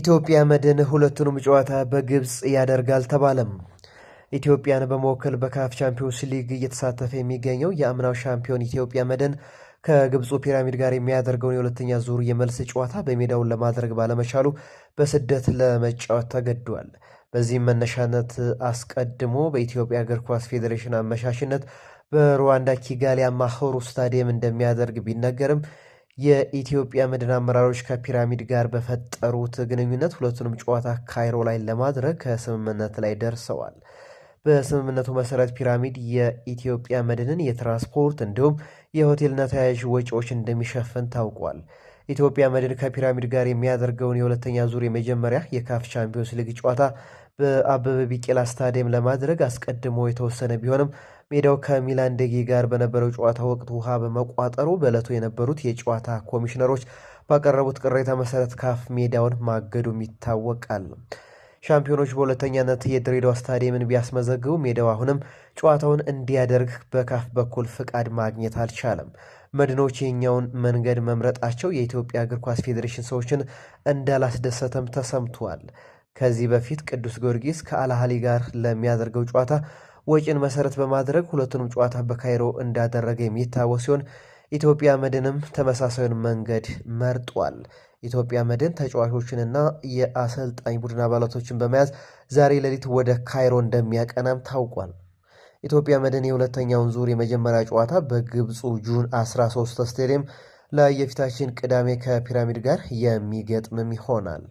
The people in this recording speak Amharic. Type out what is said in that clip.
ኢትዮጵያ መድን ሁለቱንም ጨዋታ በግብፅ ያደርጋል ተባለም። ኢትዮጵያን በመወከል በካፍ ቻምፒዮንስ ሊግ እየተሳተፈ የሚገኘው የአምናው ሻምፒዮን ኢትዮጵያ መድን ከግብፁ ፒራሚድ ጋር የሚያደርገውን የሁለተኛ ዙር የመልስ ጨዋታ በሜዳውን ለማድረግ ባለመቻሉ በስደት ለመጫወት ተገዷል። በዚህም መነሻነት አስቀድሞ በኢትዮጵያ እግር ኳስ ፌዴሬሽን አመሻሽነት በሩዋንዳ ኪጋሊ አማሆሩ ስታዲየም እንደሚያደርግ ቢነገርም የኢትዮጵያ መድን አመራሮች ከፒራሚድ ጋር በፈጠሩት ግንኙነት ሁለቱንም ጨዋታ ካይሮ ላይ ለማድረግ ከስምምነት ላይ ደርሰዋል። በስምምነቱ መሰረት ፒራሚድ የኢትዮጵያ መድንን የትራንስፖርት እንዲሁም የሆቴልና ተያያዥ ወጪዎች እንደሚሸፍን ታውቋል። ኢትዮጵያ መድን ከፒራሚድ ጋር የሚያደርገውን የሁለተኛ ዙር የመጀመሪያ የካፍ ቻምፒዮንስ ሊግ ጨዋታ በአበበ ቢቄላ ስታዲየም ለማድረግ አስቀድሞ የተወሰነ ቢሆንም ሜዳው ከሚላን ደጌ ጋር በነበረው ጨዋታ ወቅት ውሃ በመቋጠሩ በዕለቱ የነበሩት የጨዋታ ኮሚሽነሮች ባቀረቡት ቅሬታ መሰረት ካፍ ሜዳውን ማገዱም ይታወቃል። ሻምፒዮኖች በሁለተኛነት የድሬዳዋ ስታዲየምን ቢያስመዘግቡ ሜዳው አሁንም ጨዋታውን እንዲያደርግ በካፍ በኩል ፍቃድ ማግኘት አልቻለም። መድኖች የኛውን መንገድ መምረጣቸው የኢትዮጵያ እግር ኳስ ፌዴሬሽን ሰዎችን እንዳላስደሰተም ተሰምቷል። ከዚህ በፊት ቅዱስ ጊዮርጊስ ከአልሃሊ ጋር ለሚያደርገው ጨዋታ ወጪን መሰረት በማድረግ ሁለቱንም ጨዋታ በካይሮ እንዳደረገ የሚታወስ ሲሆን ኢትዮጵያ መድንም ተመሳሳዩን መንገድ መርጧል። ኢትዮጵያ መድን ተጫዋቾችንና የአሰልጣኝ ቡድን አባላቶችን በመያዝ ዛሬ ሌሊት ወደ ካይሮ እንደሚያቀናም ታውቋል። ኢትዮጵያ መድን የሁለተኛውን ዙር የመጀመሪያ ጨዋታ በግብፁ ጁን 13 ስቴዲየም ላይ የፊታችን ቅዳሜ ከፒራሚድ ጋር የሚገጥምም ይሆናል።